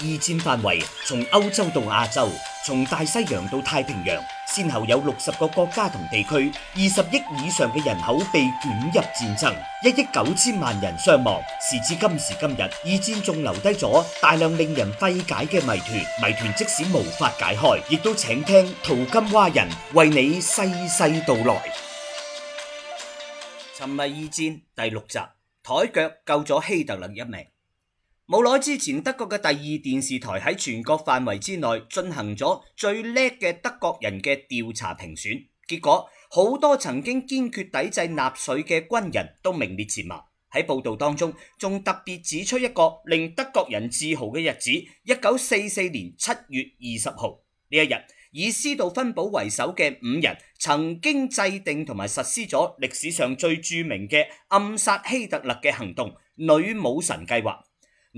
二戰範圍從歐洲到亞洲，從大西洋到太平洋，先後有六十個國家同地區，二十億以上嘅人口被捲入戰爭，一億九千萬人傷亡。時至今時今日，二戰仲留低咗大量令人費解嘅謎團，謎團即使無法解開，亦都請聽淘金蛙人為你細細道來。《沉迷二戰》第六集，抬腳救咗希特勒一命。冇耐之前，德國嘅第二電視台喺全國範圍之內進行咗最叻嘅德國人嘅調查評選，結果好多曾經堅決抵制納粹嘅軍人都名列前茅。喺報道當中，仲特別指出一個令德國人自豪嘅日子：一九四四年七月二十號呢一日，以斯道芬堡為首嘅五人曾經制定同埋實施咗歷史上最著名嘅暗殺希特勒嘅行動——女武神計劃。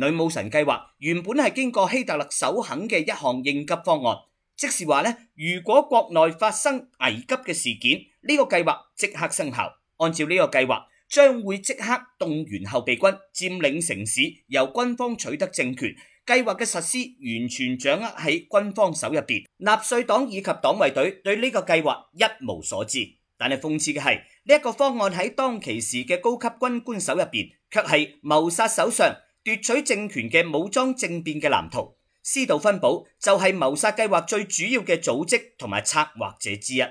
女武神計劃原本係經過希特勒首肯嘅一項應急方案，即是話呢，如果國內發生危急嘅事件，呢個計劃即刻生效。按照呢個計劃，將會即刻動員後備軍，佔領城市，由軍方取得政權。計劃嘅實施完全掌握喺軍方手入邊，納粹黨以及黨衞隊對呢個計劃一無所知。但係諷刺嘅係，呢一個方案喺當其時嘅高級軍官手入邊，卻係謀殺首相，奪取政權嘅武裝政變嘅藍圖，斯道芬堡就係謀殺計劃最主要嘅組織同埋策劃者之一。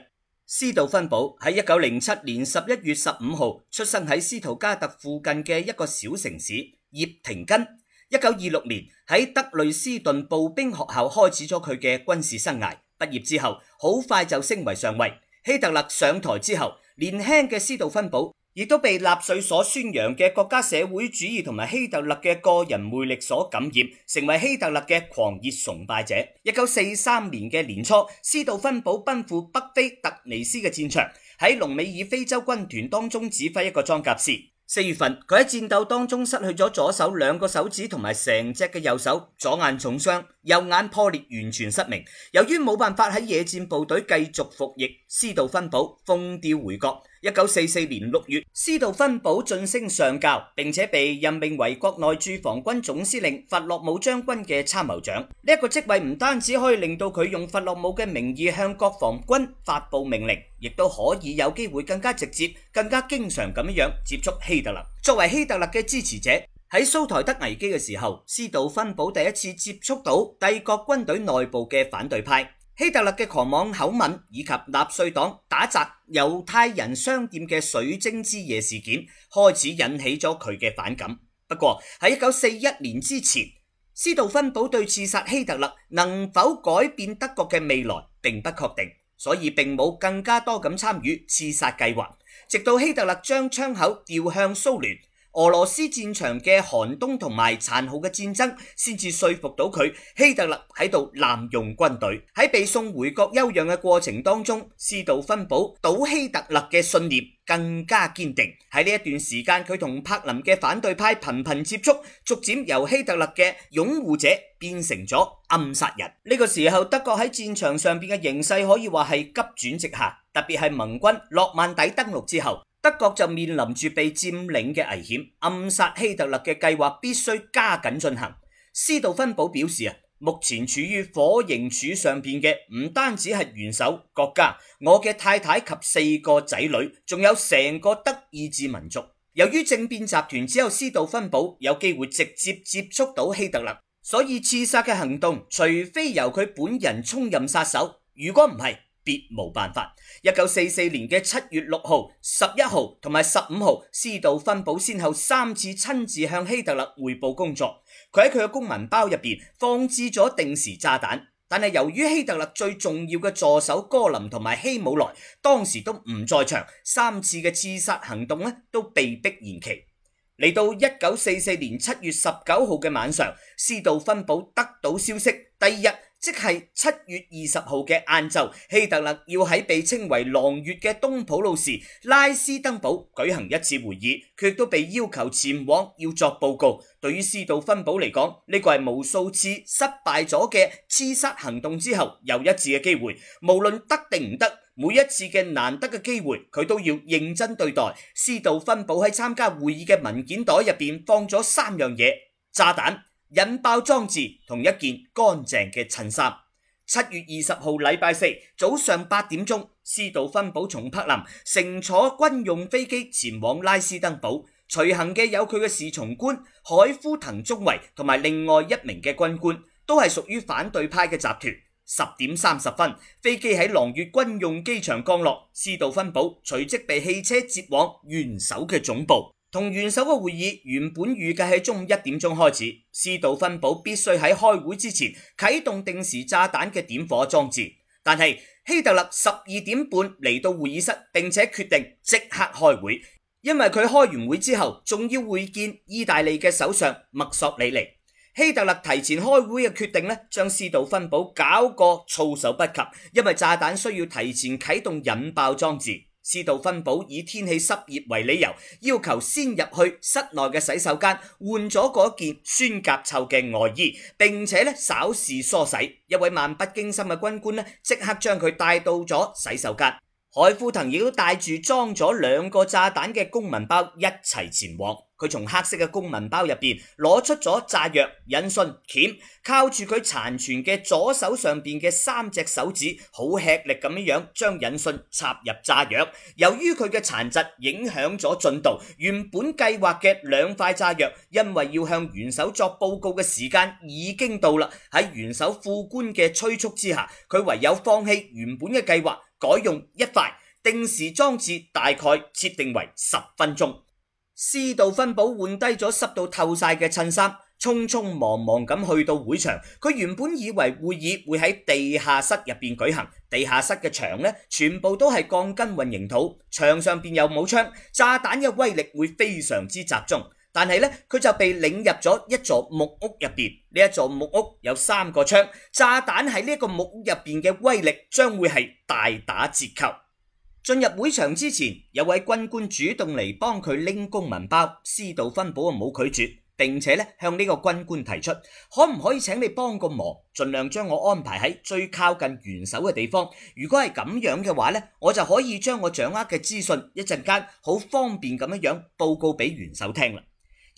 斯道芬堡喺一九零七年十一月十五號出生喺斯圖加特附近嘅一個小城市葉廷根。一九二六年喺德累斯頓步兵學校開始咗佢嘅軍事生涯，畢業之後好快就升為上尉。希特勒上台之後，年輕嘅斯道芬堡。亦都被納粹所宣揚嘅國家社會主義同埋希特勒嘅個人魅力所感染，成為希特勒嘅狂熱崇拜者。一九四三年嘅年初，斯道芬堡奔赴北非突尼斯嘅戰場，喺隆美爾非洲軍團當中指揮一個裝甲師。四月份，佢喺戰鬥當中失去咗左手兩個手指同埋成隻嘅右手，左眼重傷，右眼破裂，完全失明。由於冇辦法喺野戰部隊繼續服役，斯道芬堡瘋掉回國。一九四四年六月，斯道芬堡晉升上校，並且被任命為國內駐防軍總司令弗洛姆將軍嘅參謀長。呢一個職位唔單止可以令到佢用弗洛姆嘅名義向國防軍發布命令，亦都可以有機會更加直接、更加經常咁樣接觸希特勒。作為希特勒嘅支持者，喺蘇台德危機嘅時候，斯道芬堡第一次接觸到帝國軍隊內部嘅反對派。希特勒嘅狂妄口吻以及納粹黨打砸猶太人商店嘅水晶之夜事件，開始引起咗佢嘅反感。不過喺一九四一年之前，斯道芬堡對刺殺希特勒能否改變德國嘅未來並不確定，所以並冇更加多咁參與刺殺計劃。直到希特勒將槍口調向蘇聯。俄羅斯戰場嘅寒冬同埋殘酷嘅戰爭，先至說服到佢，希特勒喺度濫用軍隊。喺被送回國休養嘅過程當中，施道芬堡倒希特勒嘅信念更加堅定。喺呢一段時間，佢同柏林嘅反對派頻、頻頻接觸，逐漸由希特勒嘅擁護者變成咗暗殺人。呢個時候，德國喺戰場上邊嘅形勢可以話係急轉直下，特別係盟軍諾曼底登陸之後。德國就面臨住被佔領嘅危險，暗殺希特勒嘅計劃必須加緊進行。施道芬堡表示啊，目前處於火刑柱上邊嘅唔單止係元首、國家，我嘅太太及四個仔女，仲有成個德意志民族。由於政變集團只有施道芬堡有機會直接接觸到希特勒，所以刺殺嘅行動，除非由佢本人充任殺手，如果唔係。別無辦法。一九四四年嘅七月六號，十一號同埋十五號，施道芬堡先後三次親自向希特勒匯報工作。佢喺佢嘅公文包入邊放置咗定時炸彈，但係由於希特勒最重要嘅助手戈林同埋希姆萊當時都唔在場，三次嘅刺殺行動咧，都被迫延期。嚟到一九四四年七月十九號嘅晚上，施道芬堡得到消息，第一。即係七月二十號嘅晏晝，希特勒要喺被稱為狼穴嘅東普魯士拉斯登堡舉行一次會議，卻都被要求前往要作報告。對於斯道芬堡嚟講，呢、這個係無數次失敗咗嘅刺殺行動之後又一次嘅機會。無論得定唔得，每一次嘅難得嘅機會，佢都要認真對待。斯道芬堡喺參加會議嘅文件袋入邊放咗三樣嘢：炸彈。引爆裝置同一件乾淨嘅襯衫。七月二十號禮拜四早上八點鐘，斯道芬堡從柏林乘坐軍用飛機前往拉斯登堡，隨行嘅有佢嘅侍從官海夫藤中尉同埋另外一名嘅軍官，都係屬於反對派嘅集團。十點三十分，飛機喺狼穴軍用機場降落，斯道芬堡隨即被汽車接往元首嘅總部。同元首嘅會議原本預計喺中午一點鐘開始，斯道芬堡必須喺開會之前啟動定時炸彈嘅點火裝置。但係希特勒十二點半嚟到會議室，並且決定即刻開會，因為佢開完會之後仲要會見意大利嘅首相墨索里尼。希特勒提前開會嘅決定呢，將斯道芬堡搞個措手不及，因為炸彈需要提前啟動引爆裝置。施道芬堡以天氣濕熱為理由，要求先入去室內嘅洗手間換咗嗰件酸甲臭嘅外、呃、衣，並且呢，稍事梳洗。一位漫不經心嘅軍官呢，即刻將佢帶到咗洗手間。海富騰亦都帶住裝咗兩個炸彈嘅公文包一齊前往。佢從黑色嘅公文包入邊攞出咗炸藥引信鉗，靠住佢殘存嘅左手上邊嘅三隻手指，好吃力咁樣樣將引信插入炸藥。由於佢嘅殘疾影響咗進度，原本計劃嘅兩塊炸藥，因為要向元首作報告嘅時間已經到啦，喺元首副官嘅催促之下，佢唯有放棄原本嘅計劃。改用一塊定時裝置，大概設定為十分鐘。斯道芬堡換低咗濕到透晒嘅襯衫，匆匆忙忙咁去到會場。佢原本以為會議會喺地下室入邊舉行，地下室嘅牆呢，全部都係鋼筋混凝土，牆上邊又冇窗，炸彈嘅威力會非常之集中。但係咧，佢就被領入咗一座木屋入邊。呢一座木屋有三個窗，炸彈喺呢個木屋入邊嘅威力將會係大打折扣。進入會場之前，有位軍官主動嚟幫佢拎公文包，施陶芬堡啊，冇拒絕。並且咧，向呢個軍官提出，可唔可以請你幫個忙，盡量將我安排喺最靠近元首嘅地方。如果係咁樣嘅話咧，我就可以將我掌握嘅資訊一陣間好方便咁樣樣報告俾元首聽啦。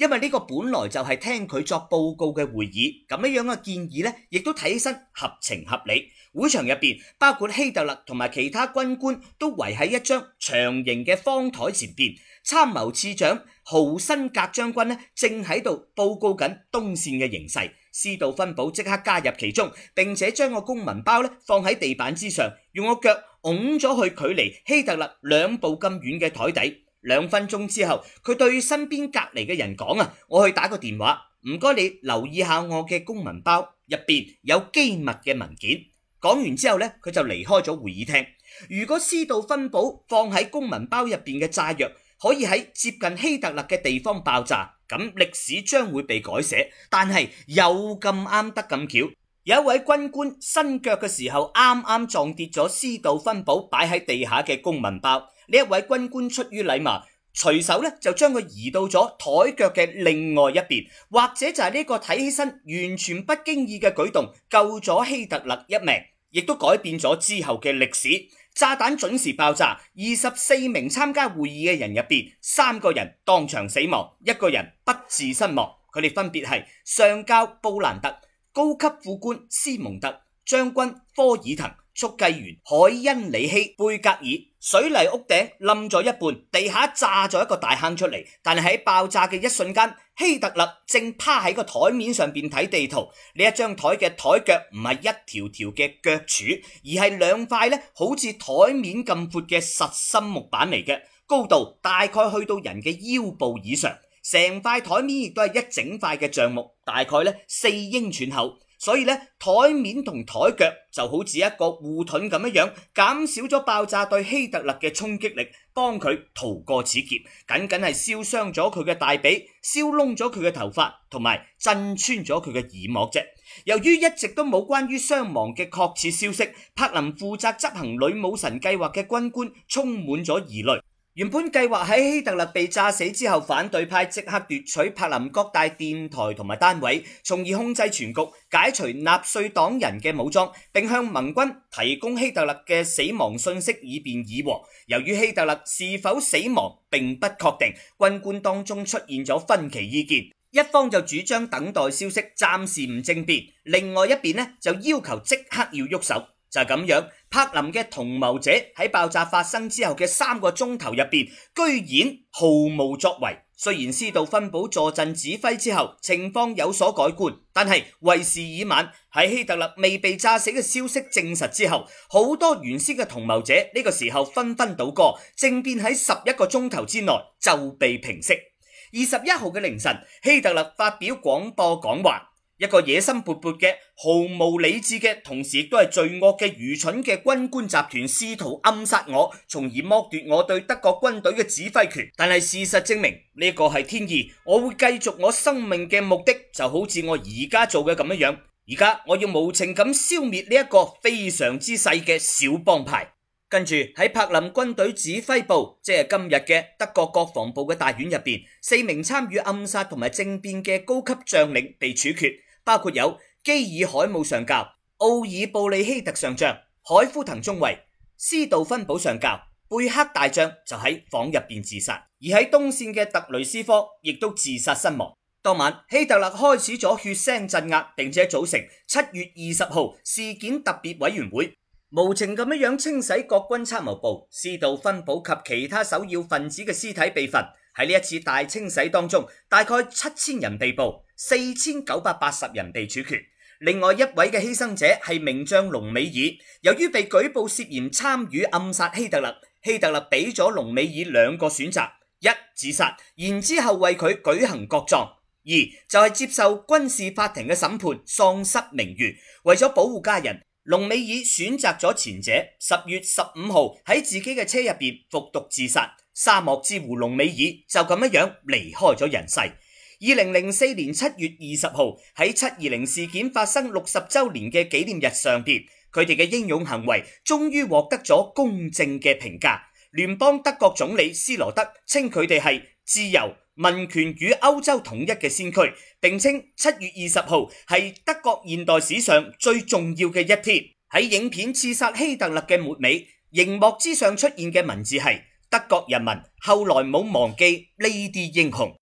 因為呢個本來就係聽佢作報告嘅會議，咁樣嘅建議呢亦都睇起身合情合理。會場入邊包括希特勒同埋其他軍官都圍喺一張長形嘅方台前邊，參謀次長豪辛格將軍呢正喺度報告緊東線嘅形勢，斯道芬堡即刻加入其中，並且將個公文包呢放喺地板之上，用個腳拱咗去距離希特勒兩步咁遠嘅台底。兩分鐘之後，佢對身邊隔籬嘅人講：啊，我去打個電話，唔該你留意下我嘅公文包入邊有機密嘅文件。講完之後呢，佢就離開咗會議廳。如果施道芬堡放喺公文包入邊嘅炸藥可以喺接近希特勒嘅地方爆炸，咁歷史將會被改寫。但係又咁啱得咁巧。有一位軍官伸腳嘅時候，啱啱撞跌咗斯道芬堡擺喺地下嘅公文包。呢一位軍官出於禮貌，隨手咧就將佢移到咗台腳嘅另外一邊。或者就係呢個睇起身完全不經意嘅舉動，救咗希特勒一命，亦都改變咗之後嘅歷史。炸彈準時爆炸，二十四名參加會議嘅人入邊，三個人當場死亡，一個人不治身亡。佢哋分別係上校布蘭特。高級副官斯蒙特、將軍科爾滕、速記員海因里希、貝格爾，水泥屋頂冧咗一半，地下炸咗一個大坑出嚟。但係喺爆炸嘅一瞬間，希特勒正趴喺個台面上邊睇地圖。呢一張台嘅台腳唔係一條條嘅腳柱，而係兩塊呢好似台面咁闊嘅實心木板嚟嘅，高度大概去到人嘅腰部以上。成塊台面亦都係一整塊嘅橡木，大概呢四英寸厚，所以呢台面同台腳就好似一個護盾咁一樣，減少咗爆炸對希特勒嘅衝擊力，幫佢逃過此劫。僅僅係燒傷咗佢嘅大髀，燒窿咗佢嘅頭髮，同埋震穿咗佢嘅耳膜啫。由於一直都冇關於傷亡嘅確切消息，柏林負責執行執行女武神計劃嘅軍官充滿咗疑慮。原本計劃喺希特勒被炸死之後，反對派即刻奪取柏林各大電台同埋單位，從而控制全局，解除納粹黨人嘅武裝，並向盟軍提供希特勒嘅死亡信息以便議和。由於希特勒是否死亡並不確定，軍官當中出現咗分歧意見，一方就主張等待消息，暫時唔政變；另外一邊呢就要求即刻要喐手，就係咁樣。柏林嘅同謀者喺爆炸發生之後嘅三個鐘頭入邊，居然毫無作為。雖然施道芬堡坐鎮指揮之後，情況有所改觀，但係為時已晚。喺希特勒未被炸死嘅消息證實之後，好多原先嘅同謀者呢個時候紛紛倒戈，政變喺十一個鐘頭之內就被平息。二十一號嘅凌晨，希特勒發表廣播講話。一個野心勃勃嘅、毫無理智嘅，同時亦都係罪惡嘅、愚蠢嘅軍官集團，試圖暗殺我，從而剝奪我對德國軍隊嘅指揮權。但係事實證明呢個係天意。我會繼續我生命嘅目的，就好似我而家做嘅咁樣樣。而家我要無情咁消滅呢一個非常之細嘅小幫派。跟住喺柏林軍隊指揮部，即係今日嘅德國國防部嘅大院入邊，四名參與暗殺同埋政變嘅高級將領被處決。包括有基爾海姆上校、奧爾布里希特上將、海夫藤中尉、施道芬堡上校、貝克大將就喺房入邊自殺，而喺東線嘅特雷斯科亦都自殺身亡。當晚希特勒開始咗血腥鎮壓，並且組成七月二十號事件特別委員會，無情咁樣清洗國軍參謀部、施道芬堡及其他首要分子嘅屍體被焚。喺呢一次大清洗當中，大概七千人被捕，四千九百八十人被處決。另外一位嘅犧牲者係名將隆美爾，由於被舉報涉嫌參與暗殺希特勒，希特勒俾咗隆美爾兩個選擇：一自殺，然之後為佢舉行國葬；二就係、是、接受軍事法庭嘅審判，喪失名譽。為咗保護家人，隆美爾選擇咗前者。十月十五號喺自己嘅車入邊服毒自殺。沙漠之狐隆美爾就咁樣樣離開咗人世。二零零四年七月二十號喺七二零事件發生六十周年嘅紀念日上邊，佢哋嘅英勇行為終於獲得咗公正嘅評價。聯邦德國總理施羅德稱佢哋係自由、民權與歐洲統一嘅先驅，並稱七月二十號係德國現代史上最重要嘅一天。喺影片刺殺希特勒嘅末尾，熒幕之上出現嘅文字係。德國人民後來冇忘記呢啲英雄。